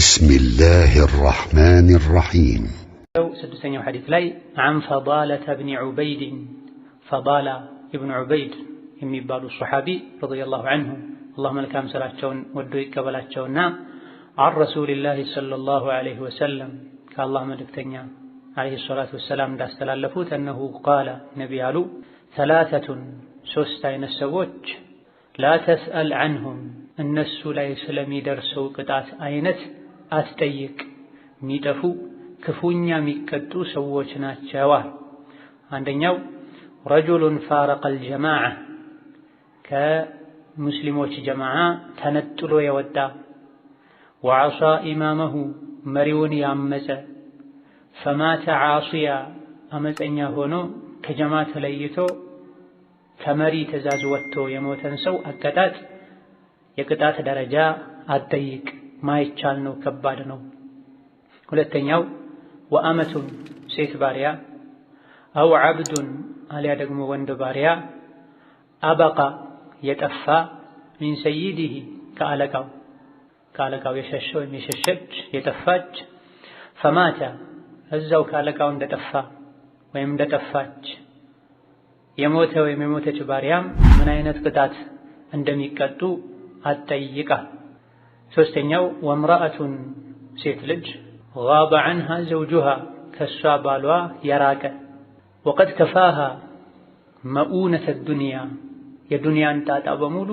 بسم الله الرحمن الرحيم لو سدسني حديث لي عن فضالة ابن عبيد فضالة ابن عبيد يمي بالو الصحابي رضي الله عنه اللهم لك ام أمسلا تشون ودوي كبلا عن رسول الله صلى الله عليه وسلم قال اللهم لك عليه الصلاة والسلام داست لفوت أنه قال نبي علو ثلاثة سستين السووج لا تسأل عنهم النسو لا يسلمي درسو قطعة أينت አትጠይቅ የሚጠፉ ክፉኛ የሚቀጡ ሰዎች ናቸው አንደኛው ረጁሉን ፋረቀል ጀማዓ ከሙስሊሞች ጀማዓ ተነጥሎ የወጣ ወዐሳ ኢማመሁ መሪውን ያመፀ ፈማተ ዓሲያ አመፀኛ ሆኖ ከጀማ ተለይቶ ከመሪ ትዕዛዝ ወጥቶ የሞተን ሰው አቀጣጥ የቅጣት ደረጃ አትጠይቅ። ማይቻል ነው፣ ከባድ ነው። ሁለተኛው ወአመቱን ሴት ባሪያ አው ዓብዱን አሊያ ደግሞ ወንድ ባሪያ አበቃ የጠፋ ሚን ሰይዲህ ከአለቃው ከአለቃው የሸሸ ወይም የሸሸች የጠፋች ፈማታ እዛው ከአለቃው እንደጠፋ ወይም እንደጠፋች የሞተ ወይም የሞተች ባሪያም ምን አይነት ቅጣት እንደሚቀጡ አትጠይቃ። ሶስተኛው ወምራአቱን ሴት ልጅ ጋባ ዐንሃ ዘውጁሃ ከሷ ባሏ የራቀ ወቀድ ከፋሃ መኡነተ ዱንያ የዱንያን ጣጣ በሙሉ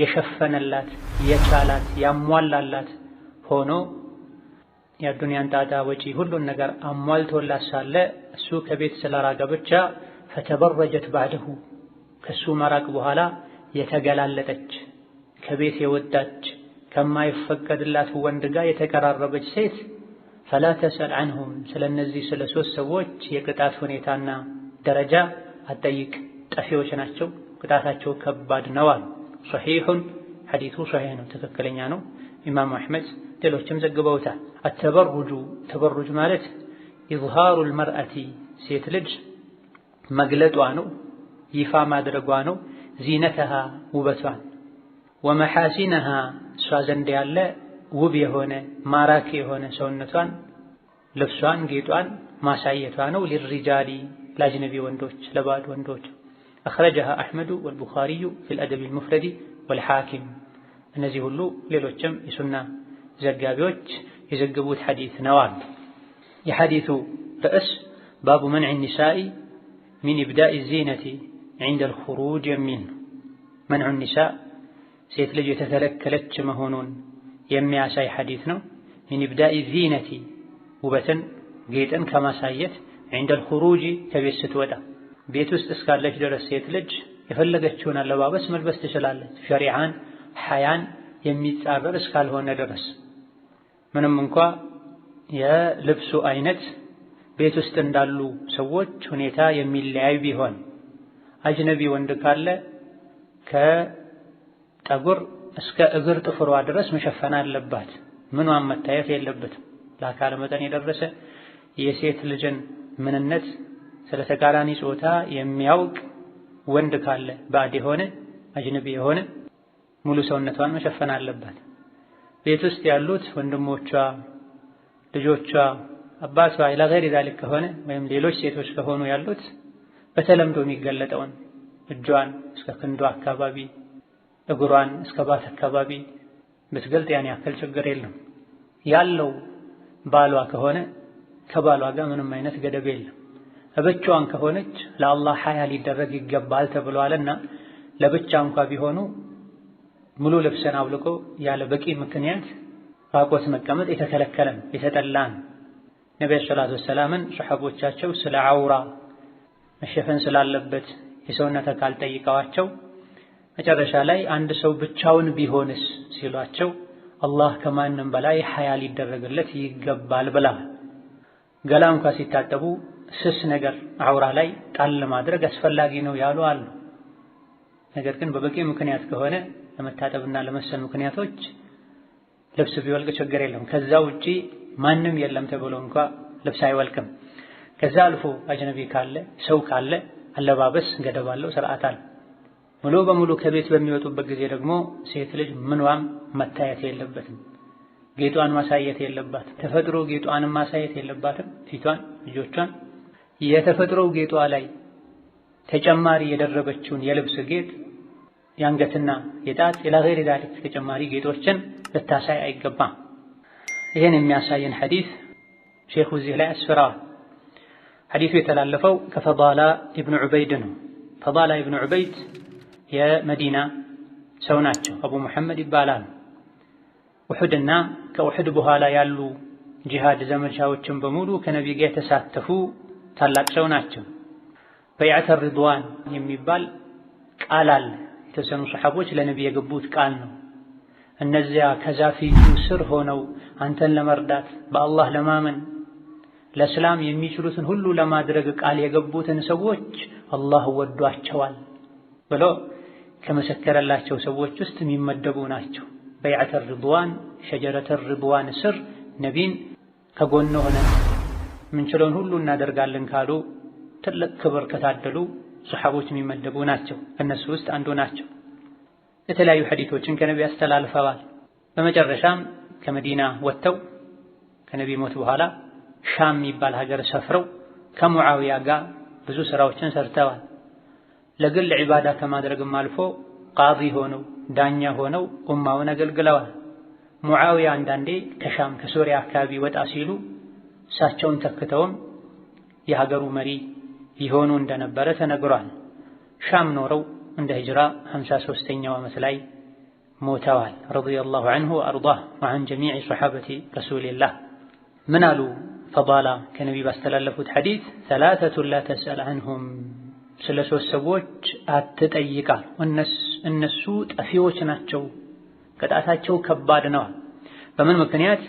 የሸፈነላት የቻላት ያሟላላት ሆኖ የዱንያን ጣጣ ወጪ ሁሉን ነገር አሟልቶላት ሳለ እሱ ከቤት ስለራቀ ብቻ ፈተበረጀት ባዕደሁ ከሱ መራቅ በኋላ የተገላለጠች ከቤት የወጣች ከማይፈቀድላት ወንድ ጋር የተቀራረበች ሴት ፈላ ተሰል አንሁም ስለ እነዚህ ስለ ሶስት ሰዎች የቅጣት ሁኔታና ደረጃ አጠይቅ። ጠፊዎች ናቸው፣ ቅጣታቸው ከባድ ነዋል። ሶሒሑን ሐዲቱ ሶሒሕ ነው፣ ትክክለኛ ነው። ኢማሙ አሕመድ ሌሎችም ዘግበውታል። አተበሩጁ ተበሩጅ ማለት ኢዝሃሩል መርአቲ ሴት ልጅ መግለጧ ነው፣ ይፋ ማድረጓ ነው። ዚነተሃ ውበቷን ወመሐሲነሃ እሷ ዘንድ ያለ ውብ የሆነ ማራኪ የሆነ ሰውነቷን፣ ልብሷን፣ ጌጧን ማሳየቷ ነው። ሊሪጃሊ ለአጅነቢ ወንዶች ለባዕድ ወንዶች አኽረጀሃ አሕመዱ ወልቡኻሪዩ ፊል አደብ አልሙፍረዲ ወልሓኪም እነዚህ ሁሉ ሌሎችም የሱና ዘጋቢዎች የዘገቡት ሐዲት ነዋል። የሐዲቱ ርዕስ ባቡ መንዕ ኒሳኢ ሚን ኢብዳኢ ዚነቲ ዒንደል ኹሩጅ የሚል ነው። መንዑ ኒሳ ሴት ልጅ የተከለከለች መሆኑን የሚያሳይ ሐዲት ነው። ሚን ኢብዳኢ ዚነቲ ውበትን ጌጥን ከማሳየት ዒንደል ኹሩጂ ከቤት ስትወጣ ቤት ውስጥ እስካለች ድረስ ሴት ልጅ የፈለገችውን አለባበስ መልበስ ትችላለች። ሸሪዓን ሐያን የሚጻረር እስካልሆነ ድረስ ምንም እንኳ የልብሱ አይነት ቤት ውስጥ እንዳሉ ሰዎች ሁኔታ የሚለያይ ቢሆን አጅነቢ ወንድ ካለ ፀጉር እስከ እግር ጥፍሯ ድረስ መሸፈን አለባት። ምኗን መታየት የለበትም። ለአካለ መጠን የደረሰ የሴት ልጅን ምንነት ስለ ተቃራኒ ጾታ የሚያውቅ ወንድ ካለ ባዕድ የሆነ አጅንቢ የሆነ ሙሉ ሰውነቷን መሸፈን አለባት። ቤት ውስጥ ያሉት ወንድሞቿ፣ ልጆቿ፣ አባቷ ኢላ ዛሊክ ከሆነ ወይም ሌሎች ሴቶች ከሆኑ ያሉት በተለምዶ የሚገለጠውን እጇን እስከ ክንዷ አካባቢ እግሯን እስከ ባት አካባቢ ብትገልጥ ያን ያክል ችግር የለም። ያለው ባሏ ከሆነ ከባሏ ጋር ምንም አይነት ገደብ የለም። ብቻዋን ከሆነች ለአላህ ሀያ ሊደረግ ይገባል ተብሏልና ለብቻ እንኳ ቢሆኑ ሙሉ ልብስን አውልቆ ያለ በቂ ምክንያት ራቆት መቀመጥ የተከለከለ ነው፣ ነቢ ሰላት ወሰላምን ሰሐቦቻቸው ስለ አውራ መሸፈን ስላለበት የሰውነት አካል ጠይቀዋቸው መጨረሻ ላይ አንድ ሰው ብቻውን ቢሆንስ ሲሏቸው አላህ ከማንም በላይ ሀያ ሊደረግለት ይገባል ብላ ገላ እንኳ ሲታጠቡ ስስ ነገር አውራ ላይ ጣል ለማድረግ አስፈላጊ ነው ያሉ አሉ። ነገር ግን በበቂ ምክንያት ከሆነ ለመታጠብና ለመሰል ምክንያቶች ልብስ ቢወልቅ ችግር የለም። ከዛ ውጪ ማንም የለም ተብሎ እንኳ ልብስ አይወልቅም። ከዛ አልፎ አጅነቢ ካለ ሰው ካለ አለባበስ ገደብ አለው፣ ስርዓት አለ። ሙሉ በሙሉ ከቤት በሚወጡበት ጊዜ ደግሞ ሴት ልጅ ምንዋም መታየት የለበትም። ጌጧን ማሳየት የለባትም። ተፈጥሮ ጌጧን ማሳየት የለባትም። ፊቷን፣ እጆቿን የተፈጥሮ ጌጧ ላይ ተጨማሪ የደረበችውን የልብስ ጌጥ፣ የአንገትና የጣት ኢላ ገይሪ ተጨማሪ ጌጦችን ልታሳይ አይገባም። ይህን የሚያሳየን ሐዲስ ሼኹ እዚህ ላይ አስፍረዋል። ሐዲሱ የተላለፈው ከፈዳላ ኢብኑ ዑበይድ ነው። ፈዳላ ኢብኑ ዑበይድ የመዲና ሰው ናቸው። አቡ መሐመድ ይባላል። ውሑድና ከውሑድ በኋላ ያሉ ጂሃድ ዘመቻዎችን በሙሉ ከነቢ ጋር የተሳተፉ ታላቅ ሰው ናቸው። በይዓተ ሪድዋን የሚባል ቃል አለ። የተወሰኑ ሰሓቦች ለነቢይ የገቡት ቃል ነው። እነዚያ ከዛፊቱ ስር ሆነው አንተን ለመርዳት በአላህ ለማመን ለእስላም የሚችሉትን ሁሉ ለማድረግ ቃል የገቡትን ሰዎች አላህ ወዷቸዋል ብሎ ከመሰከረላቸው ሰዎች ውስጥ የሚመደቡ ናቸው። በይዓተ ርድዋን ሸጀረተ ርድዋን ስር ነቢን ከጎን ሆነን የምንችለውን ሁሉ እናደርጋለን ካሉ ትልቅ ክብር ከታደሉ ሱሐቦች የሚመደቡ ናቸው። ከእነሱ ውስጥ አንዱ ናቸው። የተለያዩ ሐዲቶችን ከነቢ አስተላልፈዋል። በመጨረሻም ከመዲና ወጥተው ከነቢ ሞት በኋላ ሻም የሚባል ሀገር ሰፍረው ከሙዓዊያ ጋር ብዙ ስራዎችን ሰርተዋል። ለግል ዒባዳ ከማድረግም አልፎ ቃዲ ሆነው ዳኛ ሆነው ኡማውን አገልግለዋል። ሙዓውያ አንዳንዴ ከሻም ከሶሪያ አካባቢ ወጣ ሲሉ እሳቸውን ተክተውም የሀገሩ መሪ ይሆኑ እንደነበረ ተነግሯል። ሻም ኖረው እንደ ሂጅራ 53ኛው ዓመት ላይ ሞተዋል። ረዲየላሁ አንሁ አርዷ? ወዐን ጀሚዕ ሰሓበቲ ረሱሊላህ ምን አሉ ፈባላ ከነቢ ባስተላለፉት ሐዲስ ሰላተቱን ላ ተስአል አንሁም? ስለ ሶስት ሰዎች አትጠይቃል፣ እነሱ ጠፊዎች ናቸው፣ ቅጣታቸው ከባድ ነው። በምን ምክንያት?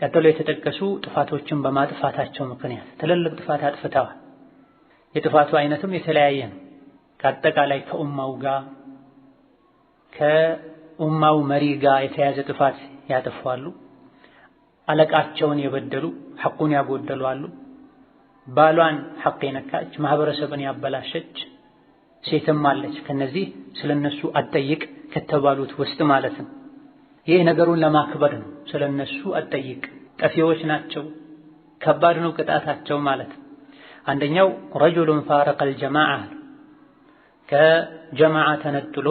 ቀጥሎ የተጠቀሱ ጥፋቶችን በማጥፋታቸው ምክንያት ትልልቅ ጥፋት አጥፍተዋል። የጥፋቱ አይነትም የተለያየ ነው። ከአጠቃላይ ከኡማው ጋር ከኡማው መሪ ጋር የተያዘ ጥፋት ያጥፋሉ። አለቃቸውን የበደሉ ሐቁን ያጎደሉ አሉ። ባሏን ሐቅ የነካች ማህበረሰብን ያበላሸች ሴትም አለች። ከነዚህ ስለነሱ አጠይቅ ከተባሉት ውስጥ ማለት ነው። ይህ ነገሩን ለማክበር ነው። ስለነሱ አጠይቅ ጠፊዎች ናቸው፣ ከባድ ነው ቅጣታቸው ማለት ነው። አንደኛው ረጁሉን ፋረቀል ጀማዓ ከጀማዓ ተነጥሎ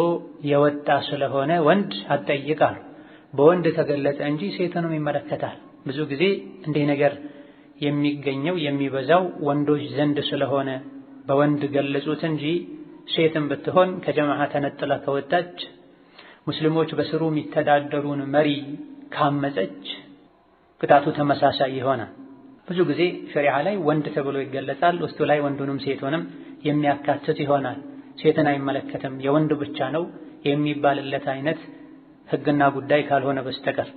የወጣ ስለሆነ ወንድ አጠይቃል። በወንድ ተገለጸ እንጂ ሴትንም ይመለከታል። ብዙ ጊዜ እንዲህ ነገር የሚገኘው የሚበዛው ወንዶች ዘንድ ስለሆነ በወንድ ገለጹት እንጂ ሴትም ብትሆን ከጀማዓ ተነጥለ ከወጣች ሙስሊሞች በስሩ የሚተዳደሩን መሪ ካመፀች ቅጣቱ ተመሳሳይ ይሆናል። ብዙ ጊዜ ሸሪዓ ላይ ወንድ ተብሎ ይገለጻል። ውስጡ ላይ ወንዱንም ሴቱንም የሚያካትት ይሆናል። ሴትን አይመለከትም፣ የወንድ ብቻ ነው የሚባልለት አይነት ህግና ጉዳይ ካልሆነ በስተቀር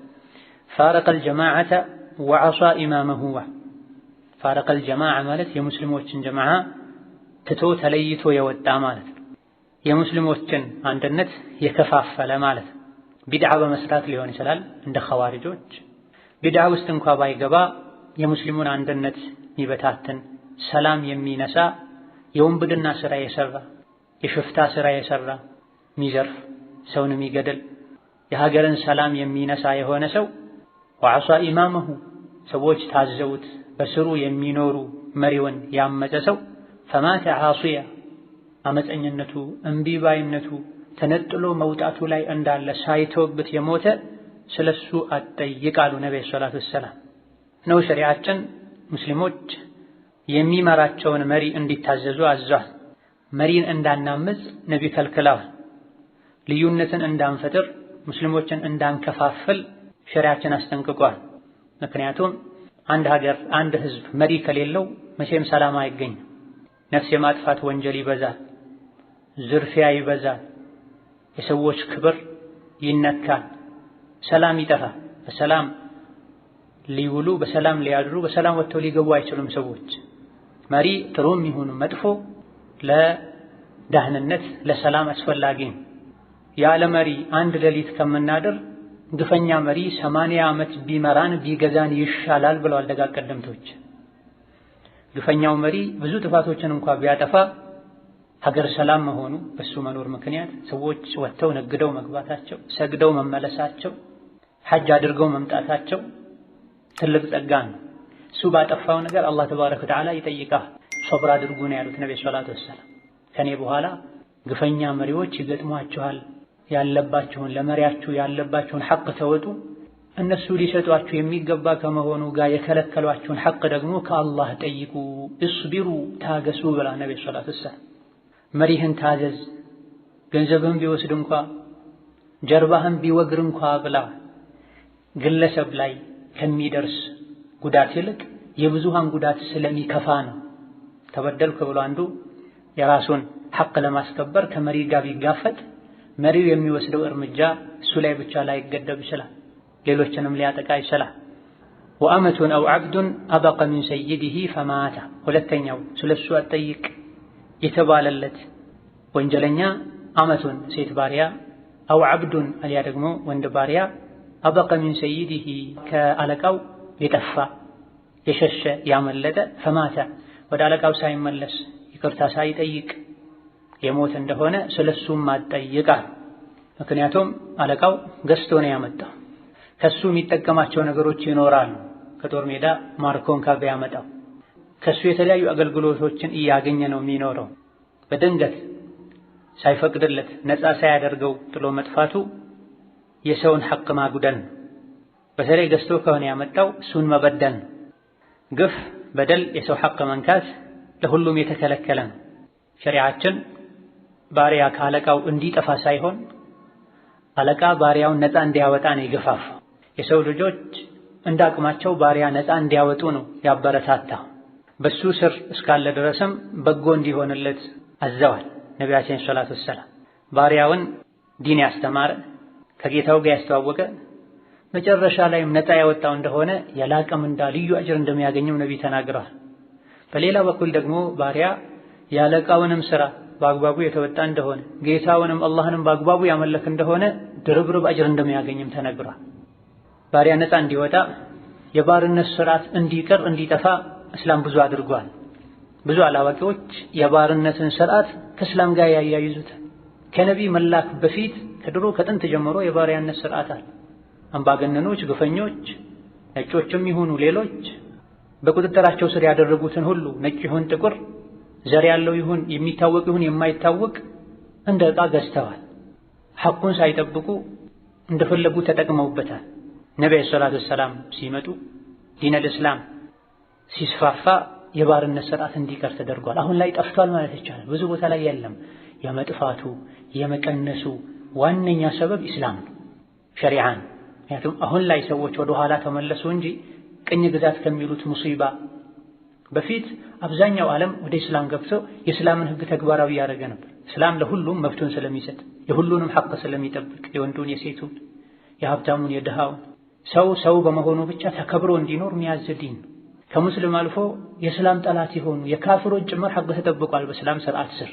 ፋረቀል ጀማዓተ ወዐሷ ኢማመሁዋ ፋረቀል ጀማዓ ማለት የሙስሊሞችን ጀማዓ ትቶ ተለይቶ የወጣ ማለት ነው። የሙስሊሞችን አንድነት የከፋፈለ ማለት ነው። ቢድዓ በመስራት ሊሆን ይችላል። እንደ ኸዋሪጆች ቢድዓ ውስጥ እንኳ ባይገባ የሙስሊሙን አንድነት የሚበታትን ሰላም የሚነሳ የወንብድና ስራ የሰራ የሽፍታ ስራ የሰራ የሚዘርፍ ሰውን የሚገድል የሀገርን ሰላም የሚነሳ የሆነ ሰው ወዐሷ ኢማመሁ ሰዎች ታዘውት በስሩ የሚኖሩ መሪውን ያመፀ ሰው ፈማተ ዓሲያ አመፀኝነቱ፣ እምቢባይነቱ፣ ተነጥሎ መውጣቱ ላይ እንዳለ ሳይተውበት የሞተ ስለሱ አጠይቃሉ ነብይ ሰለላሁ ዐለይሂ ነው። ሸሪዓችን ሙስሊሞች የሚመራቸውን መሪ እንዲታዘዙ አዟል። መሪን እንዳናምፅ ነቢ ከልክለዋል። ልዩነትን እንዳንፈጥር ሙስሊሞችን እንዳንከፋፍል ሸሪያችን አስጠንቅቋል። ምክንያቱም አንድ ሀገር አንድ ህዝብ መሪ ከሌለው መቼም ሰላም አይገኝም። ነፍስ የማጥፋት ወንጀል ይበዛል፣ ዝርፊያ ይበዛል፣ የሰዎች ክብር ይነካል፣ ሰላም ይጠፋል። በሰላም ሊውሉ በሰላም ሊያድሩ በሰላም ወጥተው ሊገቡ አይችሉም ሰዎች። መሪ ጥሩም ይሁኑ መጥፎ ለደህንነት ለሰላም አስፈላጊ ነው። ያለ መሪ አንድ ሌሊት ከምናድር ግፈኛ መሪ ሰማንያ ዓመት ቢመራን ቢገዛን ይሻላል ብለዋል ደጋ ቀደምቶች። ግፈኛው መሪ ብዙ ጥፋቶችን እንኳ ቢያጠፋ ሀገር ሰላም መሆኑ በሱ መኖር ምክንያት ሰዎች ወጥተው ነግደው መግባታቸው፣ ሰግደው መመለሳቸው፣ ሐጅ አድርገው መምጣታቸው ትልቅ ጸጋ ነው። እሱ ባጠፋው ነገር አላህ ተባረከ ወተዓላ ይጠይቃል። ሶብር አድርጉ ነው ያሉት ነብዩ ሰለላሁ ዐለይሂ ወሰለም። ከኔ በኋላ ግፈኛ መሪዎች ይገጥሟችኋል ያለባችሁን ለመሪያችሁ ያለባችሁን ሐቅ ተወጡ። እነሱ ሊሰጧችሁ የሚገባ ከመሆኑ ጋር የከለከሏችሁን ሐቅ ደግሞ ከአላህ ጠይቁ። እስቢሩ ታገሱ ብላ ነቢ ሰላት ወሰላም መሪህን ታዘዝ፣ ገንዘብህን ቢወስድ እንኳ ጀርባህን ቢወግር እንኳ ብላ ግለሰብ ላይ ከሚደርስ ጉዳት ይልቅ የብዙሃን ጉዳት ስለሚከፋ ነው። ተበደልኩ ብሎ አንዱ የራሱን ሐቅ ለማስከበር ከመሪ ጋር ቢጋፈጥ መሪው የሚወስደው እርምጃ እሱ ላይ ብቻ ላይገደብ ይችላል፣ ሌሎችንም ሊያጠቃ ይችላል። ወአመቱን አው ዓብዱን አበቀ ሚን ሰይዲሂ ፈማታ። ሁለተኛው ስለሱ አጠይቅ የተባለለት ወንጀለኛ አመቱን ሴት ባሪያ አው ዓብዱን አልያ ደግሞ ወንድ ባሪያ አበቀ ሚን ሰይዲሂ ከአለቃው የጠፋ የሸሸ ያመለጠ ፈማታ ወደ አለቃው ሳይመለስ ይቅርታ ሳይጠይቅ የሞት እንደሆነ ስለሱም አጠይቃል። ምክንያቱም አለቃው ገዝቶ ነው ያመጣው። ከሱ የሚጠቀማቸው ነገሮች ይኖራሉ። ከጦር ሜዳ ማርኮን ካብ ያመጣው ከሱ የተለያዩ አገልግሎቶችን እያገኘ ነው የሚኖረው። በድንገት ሳይፈቅድለት ነፃ ሳያደርገው ጥሎ መጥፋቱ የሰውን ሐቅ ማጉደን፣ በተለይ ገዝቶ ከሆነ ያመጣው እሱን መበደን፣ ግፍ፣ በደል፣ የሰው ሐቅ መንካት ለሁሉም የተከለከለ ነው ሸሪዓችን ባሪያ ከአለቃው እንዲጠፋ ሳይሆን አለቃ ባሪያውን ነፃ እንዲያወጣ ነው የገፋፋው። የሰው ልጆች እንዳቅማቸው አቅማቸው ባሪያ ነፃ እንዲያወጡ ነው ያበረታታ። በሱ ስር እስካለ ድረስም በጎ እንዲሆንለት አዘዋል ነቢያችን ሰላቱ ወሰላም። ባሪያውን ዲን ያስተማረ ከጌታው ጋር ያስተዋወቀ መጨረሻ ላይም ነፃ ያወጣው እንደሆነ የላቀ ምንዳ ልዩ አጅር እንደሚያገኘው ነቢይ ተናግረዋል። በሌላ በኩል ደግሞ ባሪያ ያለቃውንም ስራ በአግባቡ የተወጣ እንደሆነ ጌታውንም አላህንም በአግባቡ ያመለክ እንደሆነ ድርብርብ አጅር እንደሚያገኝም ተነግሯል። ባሪያ ነፃ እንዲወጣ የባርነት ስርዓት እንዲቀር እንዲጠፋ እስላም ብዙ አድርጓል። ብዙ አላዋቂዎች የባርነትን ስርዓት ከእስላም ጋር ያያይዙታል። ከነቢ መላክ በፊት ከድሮ ከጥንት ጀምሮ የባሪያነት ስርዓት አለ። አምባገነኖች፣ ግፈኞች፣ ነጮችም ይሁኑ ሌሎች በቁጥጥራቸው ስር ያደረጉትን ሁሉ ነጭ ይሁን ጥቁር ዘር ያለው ይሁን የሚታወቅ ይሁን የማይታወቅ እንደ ዕቃ ገዝተዋል። ሐቁን ሳይጠብቁ እንደፈለጉ ተጠቅመውበታል። ነቢ ሰላቱ ወሰላም ሲመጡ ዲነል እስላም ሲስፋፋ የባርነት ስርዓት እንዲቀር ተደርጓል። አሁን ላይ ጠፍቷል ማለት ይቻላል። ብዙ ቦታ ላይ የለም። የመጥፋቱ የመቀነሱ ዋነኛ ሰበብ ኢስላም ነው፣ ሸሪዓን። ምክንያቱም አሁን ላይ ሰዎች ወደ ኋላ ተመለሱ እንጂ ቅኝ ግዛት ከሚሉት ሙሲባ በፊት አብዛኛው ዓለም ወደ እስላም ገብቶ የእስላምን ህግ ተግባራዊ እያደረገ ነበር። እስላም ለሁሉም መብቱን ስለሚሰጥ የሁሉንም ሐቅ ስለሚጠብቅ የወንዱን፣ የሴቱን፣ የሀብታሙን፣ የድሃውን ሰው ሰው በመሆኑ ብቻ ተከብሮ እንዲኖር የሚያዝ ዲን ከሙስሊም አልፎ የእስላም ጠላት የሆኑ የካፍሮች ጭምር ሐቅ ተጠብቋል በእስላም ስርዓት ስር።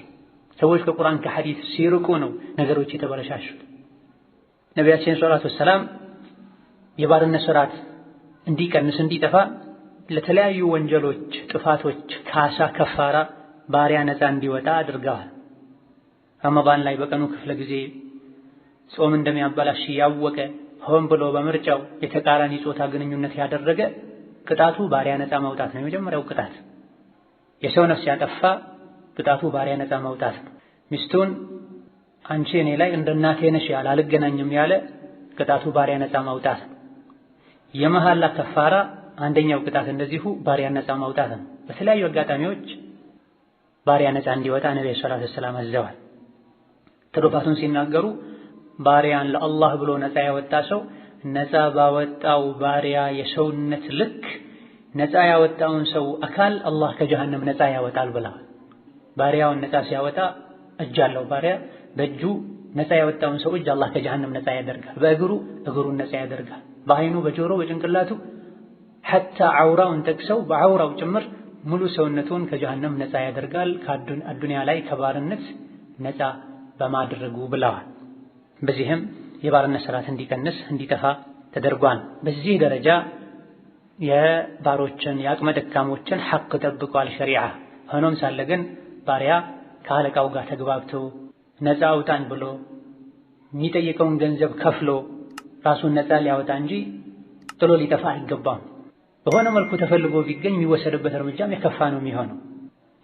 ሰዎች ከቁርአን ከሐዲት ሲርቁ ነው ነገሮች የተበለሻሹት። ነቢያችን ሰላቱ ወሰላም የባርነት ስርዓት እንዲቀንስ እንዲጠፋ ለተለያዩ ወንጀሎች ጥፋቶች ካሳ ከፋራ ባሪያ ነፃ እንዲወጣ አድርገዋል። ረመዳን ላይ በቀኑ ክፍለ ጊዜ ጾም እንደሚያበላሽ ያወቀ ሆን ብሎ በምርጫው የተቃራኒ ጾታ ግንኙነት ያደረገ ቅጣቱ ባሪያ ነፃ ማውጣት ነው። የመጀመሪያው ቅጣት የሰው ነፍስ ያጠፋ ቅጣቱ ባሪያ ነፃ ማውጣት ነው። ሚስቱን አንቺ እኔ ላይ እንደ እናቴ ነሽ ያለ አልገናኝም ያለ ቅጣቱ ባሪያ ነፃ ማውጣት ነው። የመሐላ ከፋራ አንደኛው ቅጣት እንደዚሁ ባሪያ ነፃ ማውጣት ነው። በተለያዩ አጋጣሚዎች ባሪያ ነፃ እንዲወጣ ነብዩ ሰለላሁ ዐለይሂ ወሰለም አዘዋል። ትሩፋቱን ሲናገሩ ባሪያን ለአላህ ብሎ ነፃ ያወጣ ሰው ነፃ ባወጣው ባሪያ የሰውነት ልክ ነፃ ያወጣውን ሰው አካል አላህ ከጀሃነም ነፃ ያወጣል ብለዋል። ባሪያውን ነፃ ሲያወጣ እጅ አለው ባሪያ በእጁ ነፃ ያወጣውን ሰው እጅ አላህ ከጀሃነም ነፃ ያደርጋል። በእግሩ እግሩን ነፃ ያደርጋል። በአይኑ በጆሮ በጭንቅላቱ ሐታ ዐውራውን ጠቅሰው በዐውራው ጭምር ሙሉ ሰውነቱን ከጀሃነም ነፃ ያደርጋል አዱንያ ላይ ከባርነት ነፃ በማድረጉ ብለዋል። በዚህም የባርነት ስርዓት እንዲቀንስ እንዲጠፋ ተደርጓል። በዚህ ደረጃ የባሮችን የአቅመ ደካሞችን ሐቅ ጠብቋል ሸሪዓ። ሆኖም ሳለ ግን ባሪያ ከአለቃው ጋር ተግባብቶ ነፃ አውጣኝ ብሎ የሚጠይቀውን ገንዘብ ከፍሎ ራሱን ነፃ ሊያወጣ እንጂ ጥሎ ሊጠፋ አይገባም። በሆነ መልኩ ተፈልጎ ቢገኝ የሚወሰድበት እርምጃም የከፋ ነው የሚሆነው።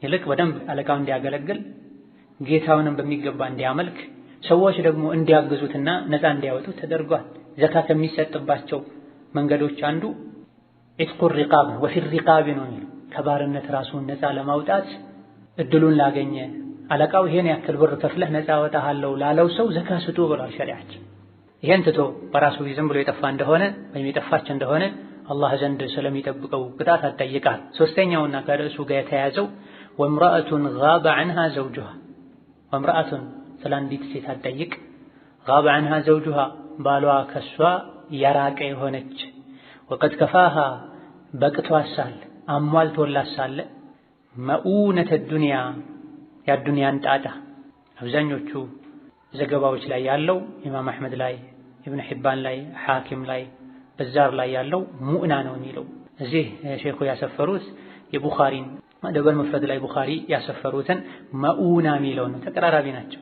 ይልቅ በደንብ አለቃው እንዲያገለግል ጌታውንም በሚገባ እንዲያመልክ ሰዎች ደግሞ እንዲያግዙትና ነፃ እንዲያወጡ ተደርጓል። ዘካ ከሚሰጥባቸው መንገዶች አንዱ ኢትቁ ሪቃብ ወፊ ሪቃብ ነው የሚለው ከባርነት ራሱን ነፃ ለማውጣት እድሉን ላገኘ አለቃው ይሄን ያክል ብር ከፍለህ ነፃ አወጣሃለሁ ላለው ሰው ዘካ ስጡ ብሏል ሸሪዓችን። ይሄን ትቶ በራሱ ዝም ብሎ የጠፋ እንደሆነ ወይም የጠፋች እንደሆነ አላህ ዘንድ ስለሚጠብቀው ቅጣት አጠይቃል። ሶስተኛውና ከርዕሱ ጋር የተያያዘው ወምራአቱን ጋበ ዐንሃ ዘውጁሃ ወምራአቱን ስለ አንዲት ሴት አጠይቅ ጋበ ዐንሃ ዘውጁሃ ባሏ ከሷ የራቀ የሆነች ወቀድ ከፋሃ በቅቷሳል አሟልቶላሳለ መኡነተ ዱንያ የአዱንያን ጣጣ አብዛኞቹ ዘገባዎች ላይ ያለው ኢማም አሕመድ ላይ፣ ኢብኑ ሒባን ላይ፣ ሓኪም ላይ በዛር ላይ ያለው ሙዕና ነው የሚለው እዚህ ሼኹ ያሰፈሩት የቡኻሪን ደበል መፍረድ ላይ ቡኻሪ ያሰፈሩትን መኡና የሚለው ነው። ተቀራራቢ ናቸው፣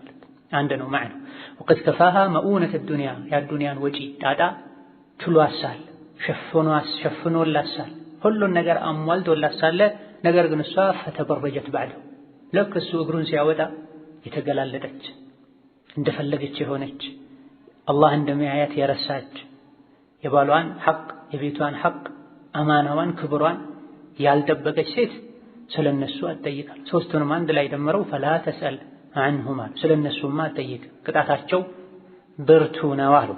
አንድ ነው ማለት ወቀት ከፋሃ መኡነት ዱንያ የዱንያን ወጪ ጣጣ ችሏሳል፣ ሸፍኖላሳል፣ ሁሉን ነገር አሟልቶላሳል። ነገር ግን እሷ ፈተበረጀት ባዕደው ልክ እሱ እግሩን ሲያወጣ የተገላለጠች እንደፈለገች የሆነች አላህ እንደሚያያት የረሳች የባሏን ሐቅ የቤቷን ሐቅ አማናዋን ክብሯን ያልጠበቀች ሴት ስለነሱ እነሱ አትጠይቃል። ሶስቱንም አንድ ላይ ደምረው ፈላ ተስአል አንሁማ ስለ አትጠይቅ፣ ቅጣታቸው ብርቱ ነው አሉ።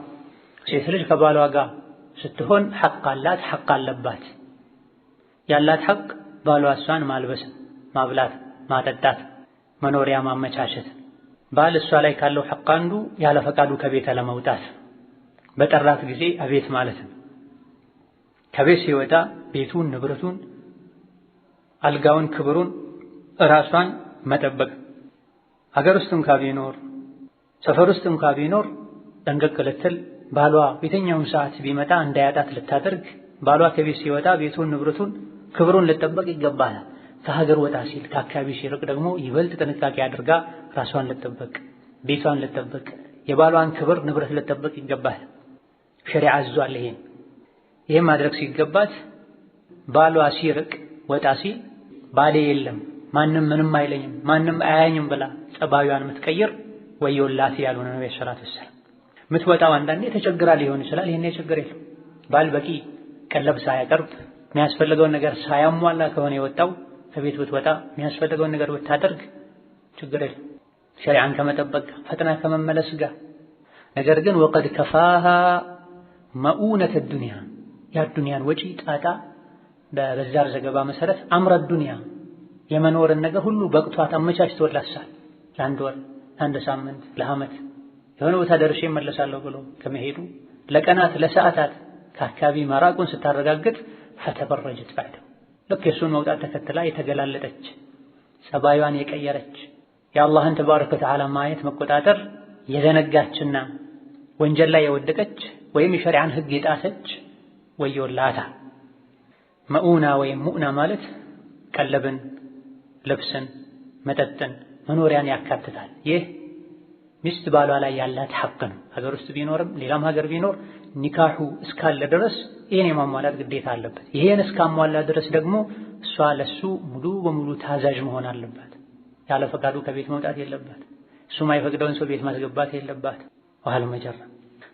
ሴት ልጅ ከባሏ ጋር ስትሆን ሐቅ አላት፣ ሐቅ አለባት። ያላት ሐቅ ባሏ እሷን ማልበስ፣ ማብላት፣ ማጠጣት፣ መኖሪያ ማመቻቸት። ባል እሷ ላይ ካለው ሐቅ አንዱ ያለ ፈቃዱ ከቤተ ለመውጣት በጠራት ጊዜ አቤት ማለት ነው። ከቤት ሲወጣ ቤቱን፣ ንብረቱን፣ አልጋውን፣ ክብሩን እራሷን መጠበቅ ሀገር ውስጥ እንኳ ቢኖር ሰፈር ውስጥ እንኳ ቢኖር ጠንቀቅ ልትል ባሏ የትኛውም ሰዓት ቢመጣ እንዳያጣት ልታደርግ ባሏ ከቤት ሲወጣ ቤቱን፣ ንብረቱን፣ ክብሩን ልጠበቅ ይገባል። ከሀገር ወጣ ሲል ከአካባቢ ሲርቅ ደግሞ ይበልጥ ጥንቃቄ አድርጋ ራሷን ልጠበቅ፣ ቤቷን ልጠበቅ፣ የባሏን ክብር ንብረት ልጠበቅ ይገባል። ሸሪዓ አዟል። ይሄን ይህም ማድረግ ሲገባት ባሏ ሲርቅ ወጣ ሲል ባሌ የለም ማንም ምንም አይለኝም ማንም አያኝም ብላ ጸባዩን የምትቀይር ወዮላት ያልሆነ ነው የሰላት ወሰለም የምትወጣው አንዳንዴ ተቸግራ ሊሆን ይችላል። ይሄን ችግር የለም። ባል በቂ ቀለብ ሳያቀርብ የሚያስፈልገውን ነገር ሳያሟላ ከሆነ የወጣው ከቤት ብትወጣ የሚያስፈልገውን ነገር ብታደርግ ችግር የለም። ሸሪዓን ከመጠበቅ ጋር ፈጥና ከመመለስ ጋር ነገር ግን ወቀድ ከፋሃ መኡነት ዱንያ የአዱንያን ወጪ ጣጣ በበዛር ዘገባ መሰረት አምረ ዱንያ የመኖርን ነገር ሁሉ በቅቷት አመቻችቶላሳል። ለአንድ ወር፣ ለአንድ ሳምንት፣ ለአመት የሆነ ቦታ ደርሼ እመለሳለሁ ብሎ ከመሄዱ ለቀናት ለሰዓታት ከአካባቢ መራቁን ስታረጋግጥ ፈተበረጀት ባዕደው ልክ የእሱን መውጣት ተከትላ የተገላለጠች ጸባዩዋን የቀየረች የአላህን ተባረከ ወተዓላ ማየት መቆጣጠር የዘነጋችና ወንጀል ላይ የወደቀች ወይም የሸሪዓን ህግ የጣሰች ወዮላታ። መኡና ወይም ሙእና ማለት ቀለብን፣ ልብስን፣ መጠጥን፣ መኖሪያን ያካትታል። ይህ ሚስት ባሏ ላይ ያላት ሐቅ ነው። ሀገር ውስጥ ቢኖርም ሌላም ሀገር ቢኖር ኒካሁ እስካለ ድረስ ይህን የማሟላት ግዴታ አለበት። ይህን እስካሟላ ድረስ ደግሞ እሷ ለሱ ሙሉ በሙሉ ታዛዥ መሆን አለባት። ያለ ፈቃዱ ከቤት መውጣት የለባት። እሱ ማይፈቅደውን ሰው ቤት ማስገባት የለባት። ባህሉ መጀር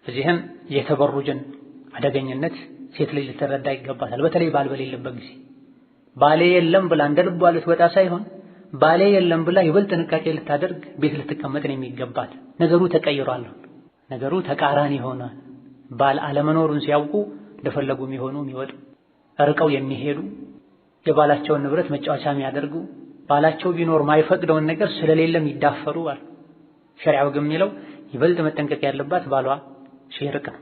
እዚህም የተበሩጅን አደገኝነት ሴት ልጅ ልትረዳ ይገባታል። በተለይ ባል በሌለበት ጊዜ ባሌ የለም ብላ እንደ ልቧ ልትወጣ ሳይሆን ባሌ የለም ብላ ይበልጥ ጥንቃቄ ልታደርግ ቤት ልትቀመጥ ነው የሚገባት። ነገሩ ተቀይሯል። ነገሩ ተቃራኒ ሆነ። ባል አለመኖሩን ሲያውቁ እንደፈለጉ የሚሆኑ የሚወጡ፣ ርቀው የሚሄዱ፣ የባላቸውን ንብረት መጫወቻ የሚያደርጉ፣ ባላቸው ቢኖር ማይፈቅደውን ነገር ስለሌለም ይዳፈሩ አሉ። ሸሪዓው ግን የሚለው ይበልጥ መጠንቀቅ ያለባት ባሏ ሲርቅ ነው።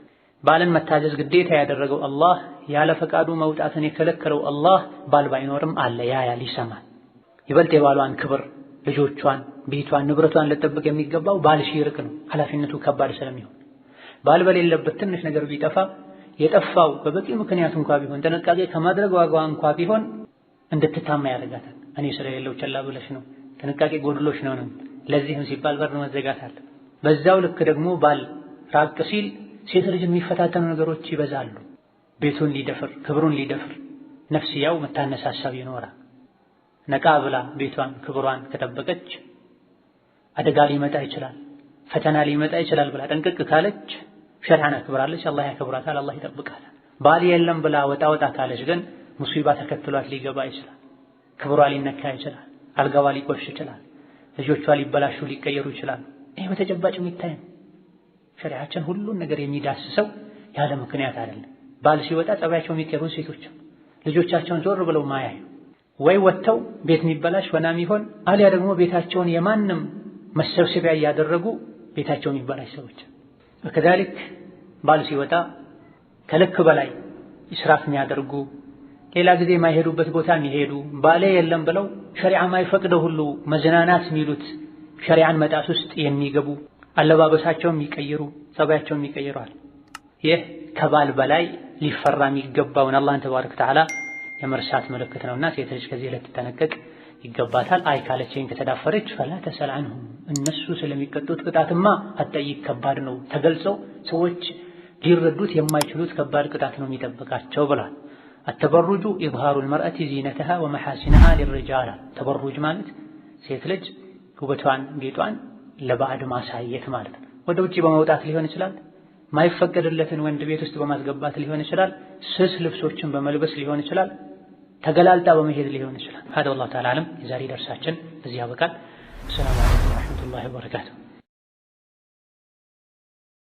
ባልን መታዘዝ ግዴታ ያደረገው አላህ፣ ያለ ፈቃዱ መውጣትን የከለከለው አላህ። ባል ባይኖርም አለ ያያል፣ ይሰማል። ይበልጥ የባሏን ክብር፣ ልጆቿን፣ ቤቷን፣ ንብረቷን ልጠብቅ የሚገባው ባል ሲርቅ ነው። ኃላፊነቱ ከባድ ስለሚሆን ባል በሌለበት ትንሽ ነገር ቢጠፋ የጠፋው በበቂ ምክንያት እንኳ ቢሆን ጥንቃቄ ከማድረግ ዋጋ እንኳ ቢሆን እንድትታማ ያደርጋታል። እኔ ስለሌለው ቸላ ብለሽ ነው ጥንቃቄ ጎድሎች ነው። ለዚህም ሲባል በር መዘጋት አለ። በዛው ልክ ደግሞ ባል ራቅ ሲል ሴት ልጅ የሚፈታተኑ ነገሮች ይበዛሉ። ቤቱን ሊደፍር፣ ክብሩን ሊደፍር፣ ነፍስያው መታነሳሳብ ይኖራል። ነቃ ብላ ቤቷን ክብሯን ከጠበቀች አደጋ ሊመጣ ይችላል፣ ፈተና ሊመጣ ይችላል ብላ ጠንቅቅ ካለች ሸርዓን አክብራለች፣ አላህ ያከብራታል፣ አላህ ይጠብቃል። ባል የለም ብላ ወጣ ወጣ ካለች ግን ሙሲባ ተከትሏት ሊገባ ይችላል፣ ክብሯ ሊነካ ይችላል፣ አልጋዋ ሊቆሽ ይችላል፣ ልጆቿ ሊበላሹ ሊቀየሩ ይችላል። ይህ በተጨባጭ የሚታይ ነው። ሸሪዓችን ሁሉን ነገር የሚዳስሰው ያለ ምክንያት አይደለም። ባል ሲወጣ ጸባያቸው የሚቀሩ ሴቶችም ልጆቻቸውን ዞር ብለው ማያዩ ወይ ወጥተው ቤት የሚበላሽ ወና የሚሆን አሊያ ደግሞ ቤታቸውን የማንም መሰብሰቢያ እያደረጉ ቤታቸው የሚበላሽ ሰዎች። ከዛሊክ ባል ሲወጣ ከልክ በላይ ኢስራፍ የሚያደርጉ ሌላ ጊዜ የማይሄዱበት ቦታ የሚሄዱ ባሌ የለም ብለው ሸሪዓ ማይፈቅደው ሁሉ መዝናናት የሚሉት ሸሪዓን መጣስ ውስጥ የሚገቡ አለባበሳቸው የሚቀይሩ ጸባያቸውን የሚቀይረዋል። ይህ ከባል በላይ ሊፈራ የሚገባውን አላህን ተባረክ ተዓላ የመርሳት ምልክት ነውና ሴት ልጅ ከዚህ ልትጠነቀቅ ይገባታል። አይ ካለችኝ ከተዳፈረች ፈላ ተሰል እነሱ ስለሚቀጡት ቅጣትማ አጠይቅ ከባድ ነው ተገልጸው ሰዎች ሊረዱት የማይችሉት ከባድ ቅጣት ነው የሚጠብቃቸው ብሏል። አተበሩጁ ኢዝሃሩል መርአቲ ዚነተሃ ወመሐሲነሃ ሊርጃላ ተበሩጅ ማለት ሴት ልጅ ውበቷን ጌጧን ለባዕድ ማሳየት ማለት ነው። ወደ ውጪ በመውጣት ሊሆን ይችላል። ማይፈቀድለትን ወንድ ቤት ውስጥ በማስገባት ሊሆን ይችላል። ስስ ልብሶችን በመልበስ ሊሆን ይችላል። ተገላልጣ በመሄድ ሊሆን ይችላል። ሀደ ወላሁ ተዓላ አለም። የዛሬ ደርሳችን እዚህ ያበቃል። ሰላም አለይኩም ወረሕመቱላሂ ወበረካቱ።